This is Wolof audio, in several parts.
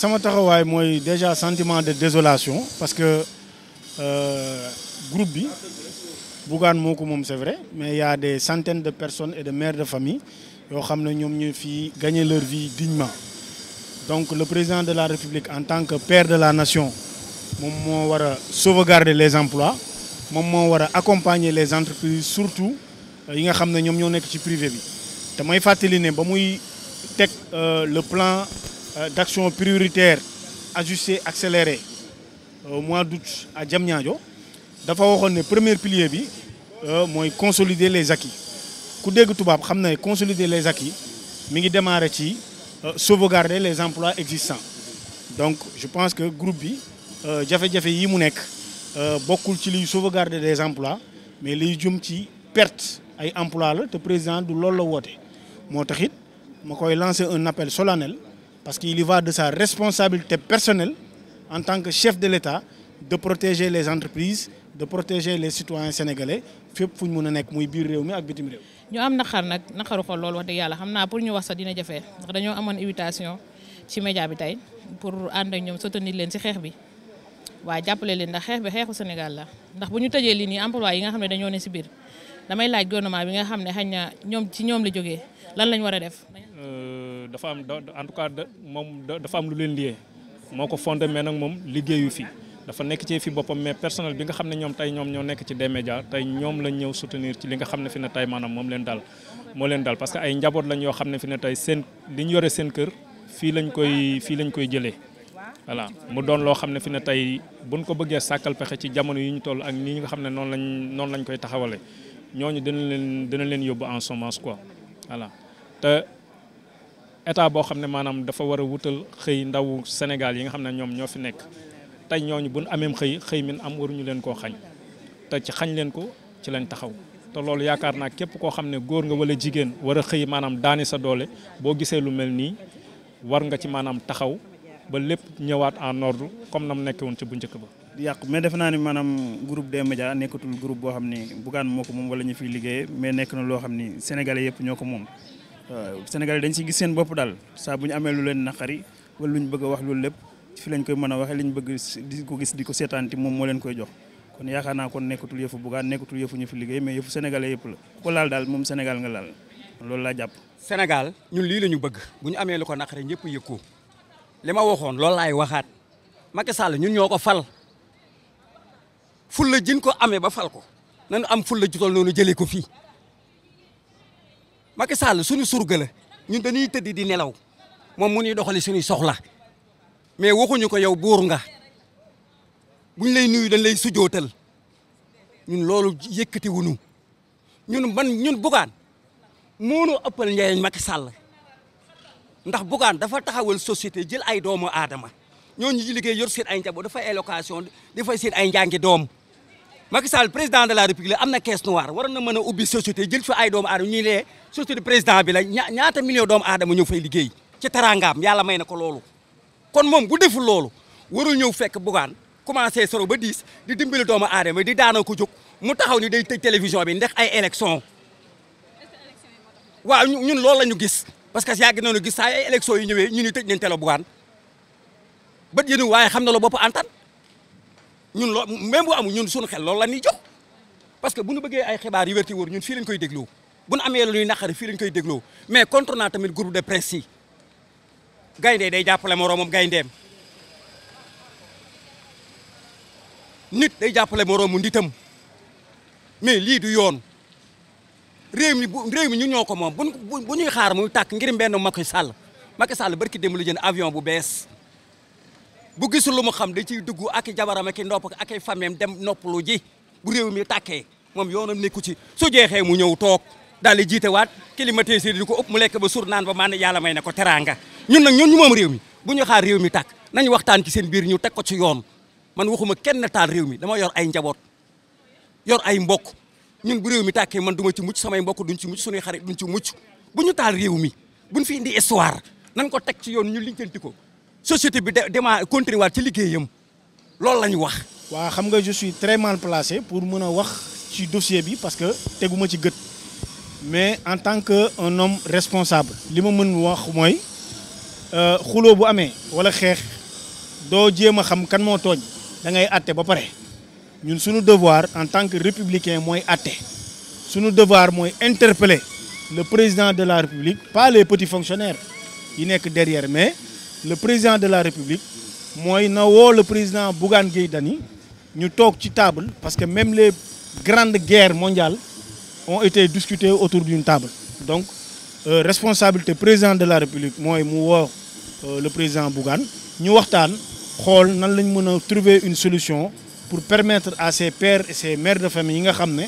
sama taxawaay mooy déjà sentiment de désolation parce que euh, groupe bi Bougane moo ko moom c'est vrai mais il des centaines de personnes et de maire de famille yoo xam ne ñoom ñu fi gagné leur vie dignement donc le président de la République en tant que père de la nation moom moo war a sauvegarder les emplois moom moo war a accompagner les entreprises surtout euh, yi nga xam ne ñoom ñoo nekk ci privé bi te may fàttali ne ba muy teg euh, le plan Euh, d'action prioritaire ajustée accélérée euh, au mois d'août à Diamniadio dafa waxoon ne premier pilier bi euh, mooy consolider les acquis ku dégg tubaab xam ne consolider les acquis mi ngi démarrer ci sauvegarder les emplois existants donc je pense que groupe bi jafe-jafe yi mu nekk bokkul ci liy sauvegarder des emplois mais liy jëm ci perte ay emplois la te président du loolu la woote moo tax it ma koy lancer un appel solennel parce qu'il y va de sa responsabilité personnelle en tant que chef de l'État de protéger les entreprises de protéger les citoyens sénégalais fépp fu ñu mun a nekk muy biir réew mi ak bitim réew. ñu am naqar nag naqaru xol loolu wax dëgg yàlla xam naa pour ñu wax sa dina jafee ndax dañoo amoon invitation ci média bi tey pour ànd ak ñoom soutenir leen ci xeex bi waa jàppale leen ndax xeex bi xeexu Sénégal la ndax bu ñu tëjee lii nii emploi yi nga xam ne dañoo ne ci biir damay laaj gouvernement bi nga xam ne xëy na ñoom ci ñoom la jógee lan lañ war a def. Euh, dafa am en tout cas moom dafa am lu leen liyee moo ko fondé mais nag moom liggéeyu fi dafa nekk ci fi boppam mais personnel bi nga xam ne ñoom tey ñoom ñoo nekk ci D-Média tey ñoom lañ ñëw li nga xam ne fi ne tey maanaam moom leen daal moo leen daal parce que ay njaboot lañ yoo xam ne seen li ñu yore seen kër fii lañ koy fii lañ koy jëlee voilà mu doon loo xam ne fi ne tey bu buñ ko bëggee sàkkal pexe ci jamono yi ñu toll ak nii nga xam ne noonu lañ noonu lañ koy taxawale ñooñu dina leen dina leen yóbbu en semence quoi état boo xam ne maanaam dafa war a wutal xëy ndawu Sénégal yi nga xam ne ñoom ñoo fi nekk tey ñooñu bu ñu ameem xëy xëy mi min am waruñu leen koo xañ te ci xañ leen ko ci leen taxaw te loolu yaakaar naa képp koo xam ne góor nga wala jigéen wara a xëy maanaam daani sa doole boo gisee lu mel nii war nga ci maanaam taxaw ba lépp ñëwaat en ordre comme na mu nekkee woon ci bu njëkk ba. yàq yàqu mais defe naa ne maanaam groupe des médias nekkatul group boo xam ni Bougane moo ko moom wala ñu fiy liggéeyee mais nekk na loo xam ni sénégalais yëpp ñoo ko moom. Sénégalais dañ si gis seen bopp daal saa bu ñu amee lu leen naqari wala lu ñu bëgg a wax loolu lépp fi lañ koy mën a waxee li ñu bëgg di ko gis di ko moom moo leen koy jox kon yaakaar naa kon nekkatul yëfu bugga nekkatul yëfu ñu fi liggéey mais yëfu sénégalais yëpp la ko laal daal moom Sénégal nga laal loolu laa jàpp. senegal ñun lii la ñu bëgg bu ñu amee lu ko naqari ñëpp yëg ko li ma waxoon loolu laay waxaat Macky Sall ñun ñoo ko fal fulla jin ko amee ba fal ko nañu am fulla ju tol noonu jëlee ko fii Macky Sall suñu surga la ñun dañuy tëdd di nelaw moom mu ñuy doxali suñuy soxla mais waxuñu ko yow buur nga buñ lay nuyu dañ lay sujootal ñun loolu yëkkati wuñu ñun man ñun bugaan moonu ëppal njëriñ Macky Sall ndax bugaan dafa taxawal société jël ay doomu aadama ñooñu ci liggéey yor seen ay njaboot dafay élocation dafay seen ay njàngi doom Macky Sall président de la république am na caisse noire waroon na mën a ubbi société jël fa ay doomu aadama ñuy lee société président bi la ñaata million doomu aadama ñëw fay liggéey ci tarangaam yàlla may na ko loolu kon moom bu deful loolu warul ñëw fekk bugaan commencé soro ba diis di dimbali doomu aadama di daana ko jog mu taxaw ni day tëj télévision bi ndax ay élection waaw ñun loolu la ñu gis parce que yàgg nañu gis sa ay élection yu ñëwee ñu ni tëj nañ télé bugaan bët yéen waaye xam na la bopp antan ñun loo même bu amul ñun suñu xel lool la ñuy jox parce que bu ñu bëggee ay xibaar yu wérti wóor ñun fii lañ koy dégloo bu ñu amee lu ñuy naqari fii lañ koy dégloo mais contre naa tamit groupe de presse yi gaynde day jàppale moroomam gayndeem nit day jàppale moroomu nditam mais lii du yoon réew mi bu réew mi ñu ñoo ko moom bu ñuy xaar muy tàkk ngir benn Macky Sall Macky Sall barki démb lu jën avion bu bees bu gisul lu mu xam da ciy dugg ak i jabaram ak i ndopp fameem dem noppalu ji bu réew mi tàkkee moom yoonam nekku ci su jeexee mu ñëw toog daal di jiite waat climatiseur di ko ëpp mu lekk ba suur naan ba man yàlla may na ko teraanga ñun nag ñun ñu moom réew mi bu ñu xaar réew mi tàkk nañu waxtaan ci seen biir ñu teg ko ci yoon man waxuma kenn taal réew mi dama yor ay njaboot yor ay mbokk ñun bu réew mi tàkkee man duma ci mucc samay mbokk duñ ci mucc suñuy xarit duñ ci mucc bu ñu taal réew mi buñ fi indi histoire nañ ko teg ci yoon ñu lijjanti ko société bi dema continuer waat ci liggéeyam loolu la ñu wax. waa xam nga je suis très mal placé pour mën a wax ci dossier bi parce que teguma ci gët. mais en tant que un nom responsable li ma mën wax mooy euh, xuloo bu amee wala xeex doo jéem a xam kan moo tooñ da ngay atte ba pare ñun suñu devoir en tant que républicain mooy atte sunu devoir mooy interpeller le président de la république pas les petits fonctionnaires yi nekk derrière mais le président de la république mooy na woo le président Bougane Gueye Dany ñu toog ci table parce que même les grandes guerres mondiales ont été discutées autour d'une table donc euh, responsabilité président de la république mooy mu woo euh, le président Bougane ñu waxtaan xool nan lañ mën a trouver une solution pour permettre à ces pères et ces mères de famille yi nga xam ne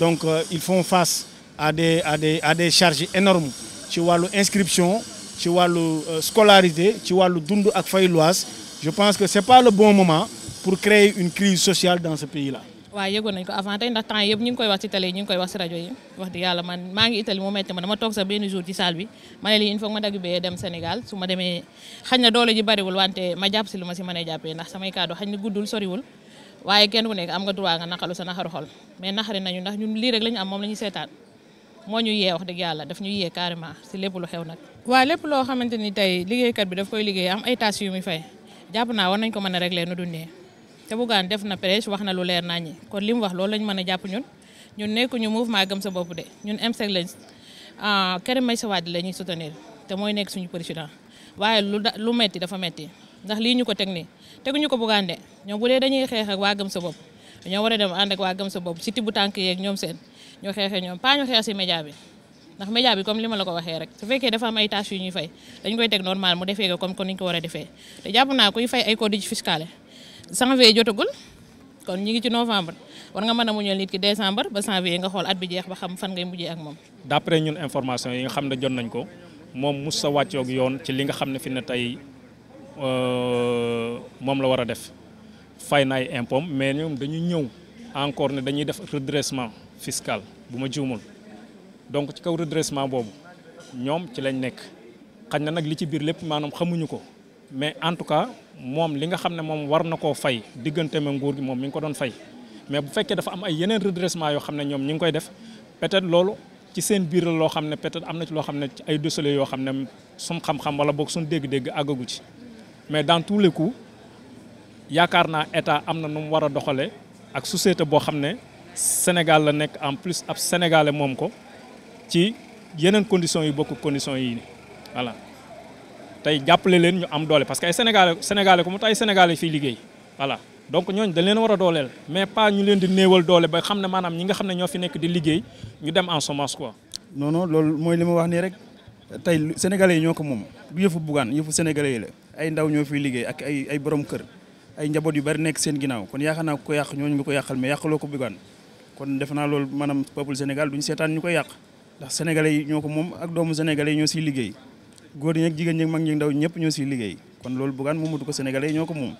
donc euh, ils font face à des à à des charges énormes ci wàllu inscription ci wàllu euh, scolarité ci wàllu dund ak fay lois je pense que c'est pas le bon moment pour créer une crise sociale dans ce pays là. waaw yëgoon nañ ko avant tey ndax temps ñu ngi koy wax ci télé yi ñu ngi koy wax ci rajo yi wax dëgg man maa ngi Italie mu metti ma dama toog sax benn jour ci salle bi ma ne lii il faut ma dagg bee dem Sénégal su ma demee xañ na doole ji bariwul wante ma jàpp ci lu ma ci mën a jàppee ndax samay kàddu xañ na guddul soriwul waaye kenn ku moo ñu yee wax dëgg yàlla def ñu yee carrément si lépp lu xew nag. waa lépp loo xamante ni tey liggéeykat bi def koy liggéey am ay tâches yu muy fay jàpp naa war nañ ko mën a régler nu dundee te Bougane def na prêche wax na lu leer naa ñi kon wax loolu lañ mën a jàpp ñun ñun nekkuñu mouvement gëm sa bopp de ñun MSEC lañ ah, Karim Meïssa Wade la ñuy soutenir te mooy suñu président waaye lu lu metti dafa metti ndax lii ñu ko teg nii teguñu ko Bougane de ñoom bu dee dañuy xeex ak waa gëm sa bopp ñoo war a dem ànd ak waa gëm sa bopp si tibu tànk yeeg ñoom seen ñu xeexee ñoom pas ñu xeex si bi ndax média bi comme li ma la ko waxee rek su fekkee dafa am ay tâches yu ñuy fay dañ koy teg normal mu defee ko comme ko niñ ko war a defee te jàpp naa kon ñu ngi ci novembre war nga mën a muñal nit ki décembre ba janvier nga xool at bi jeex ba xam fan ngay mujjee ak moom. d'après ñun information yi nga xam ne jot nañ ko moom mus sa wàccoog yoon ci li nga xam ne fi ne tey euh, moom la war a def fay na ay mais ñoom dañu ñëw encore ne dañuy def redressement. fiscale bu ma juumul donc ci kaw redressement boobu ñoom ci lañ nekk xañ na nag li ci biir lépp maanaam xamuñu ko mais en tout cas moom li nga xam ne moom war na koo fay diggante ma nguur gi moom mi ngi ko doon fay mais bu fekkee dafa am ay yeneen redressement yoo xam ne ñoom ñu ngi koy def peut-être loolu ci seen biir la loo xam ne peut-être am na ci loo xam ne ci ay dossiers yoo xam ne suñ xam-xam wala boog suñ dégg-dégg àggagu ci mais dans tous les coups yaakaar naa état am na nu mu war a doxalee ak société boo xam ne Sénégal la nekk en plus ab sénégalais moom ko ci yeneen condition yi bokk condition yi voilà tey jàppale leen ñu am doole parce que ay sénégalais sénégalais ku mu tay sénégalais fii liggéey voilà donc ñooñu dañ leen war a dooleel mais pas ñu leen di néewal doole ba xam ne maanaam ñi nga xam ne ñoo fi nekk di liggéey ñu dem en semence quoi. non non loolu mooy li ma wax nii rek tey sénégalais yi ñoo ko moom du yëfu Bougane yëfu sénégalais yi la ay ndaw ñoo fi liggéey ak ay ay borom kër ay njaboot kon yaakaar naa ko yàq ñooñu nga ko yàqal kon def naa loolu maanaam peuple Sénégal duñ seetaan ñu koy yàq ndax sénégalais yi ñoo ko moom ak doomu sénégalais yi ñoo siy liggéey góor jigéen ñi mag ñi ndaw ñëpp ñoo siy liggéey kon loolu Bougane moomatu ko sénégalais yi ñoo ko moom.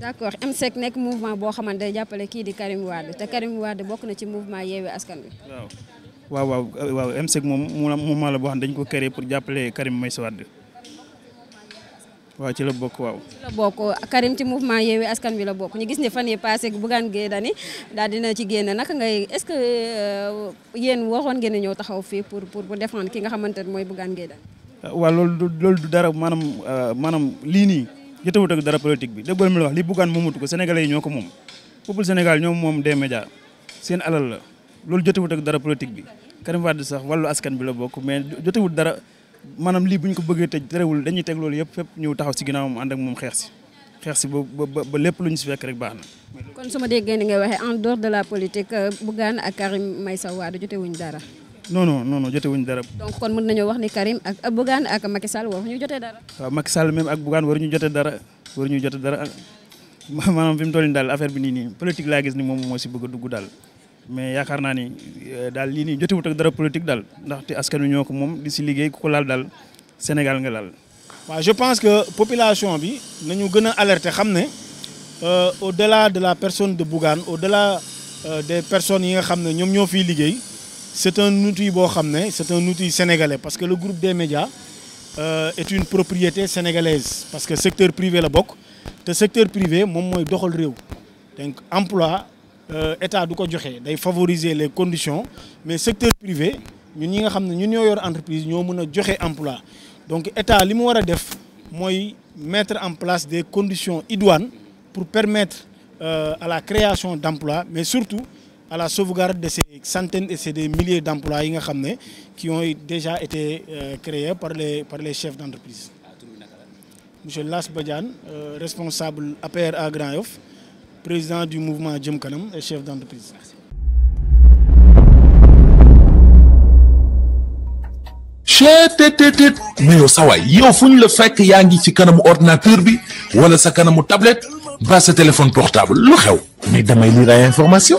d'accord MSEC nekk mouvement boo xamante ne jàppale kii di Karim Wade te Karim Wade bokk na ci mouvement yeewi askan wi. waaw waaw waaw waaw MSEC moom moom maa la boo xam dañ ko créé pour jàppale Karim Meïssa Wade waaw ci la bokk waaw. ci la bokk Karim ci mouvement Yewwi Askan Wi la bokk ñu gis ne fan yii passé Bougane Gueye Dany daal dina ci génn naka ngay est-ce que euh, yéen waxoon ngeen ñëw taxaw fii pour pour défendre ki nga xamante ne mooy Bougane Gueye Dany. Euh, waaw loolu du dara maanaam euh, maanaam lii nii jotewut ak dara politique bi dégg mi la wax lii Bougane moomatu ko sénégalais yi ñoo ko moom. peuple Sénégal ñoo moom des médias seen alal la lool jotewut ak dara politique bi Karim Wade sax wàllu askan bi la bokk mais jotewut dara. maanaam lii buñ ko bëggee tëj rewul dañuy teg loolu yëpp fépp ñëw taxaw si ginnaawam ànd ak moom xeex si ba ba lépp lu ñu si fekk rek baax na. kon su ma déggee ni nga waxee en dehors de la politique euh, Bougane ak Karim Meïssa Wade jote wuñ dara. non non non jote wuñ dara. donc kon mën nañoo wax ni Karim ak euh, Bougane ak Macky Sall waruñu jotee dara. waaw Macky Sall même ak Bougane waruñu jotee dara waruñu jotee dara maanaam fi mu toll nii daal affaire bi nii nii politique laa gis ni moom moo si bëgg dugg daal mais yaakaar naa ni euh, daal lii nii jotewut ak dara politique daal ndaxte askan wi ñoo ko moom di si liggéey ko laal daal Sénégal nga laal. waa je pense que population bi nañu gën a alerter xam ne euh, au delà de la personne de Bougane au delà euh, de personnes yi nga xam ne ñoom ñoo fiy liggéey c'est un outil boo xam ne c'est un outil sénégalais parce que le groupe des médias est une propriété sénégalaise parce que secteur privé la bokk te secteur privé moom mooy doxal réew Euh, état du ko joxe day favoriser les conditions mais secteur privé ñun ñi nga xam ne ñun ñoo yor entreprise ñoo mën a joxe emploi donc état li mu war a def mooy mettre en place des conditions idoines pour permettre euh, à la création d'emplois mais surtout à la sauvegarde de ces centaines et ces des milliers d'emplois yi nga xam ne qui ont déjà été euh, créés par les par les chefs d'entreprise monsieur Las Badiane euh, responsable APR à Grand Yoff président du mouvement Jëm Kanam et chef d'entreprise. cheetetetet mais yow sawaay yow fu la fekk yaa ngi ci kanamu ordinateur bi wala sa kanamu tablette ba sa téléphone portable lu xew mais damay lire information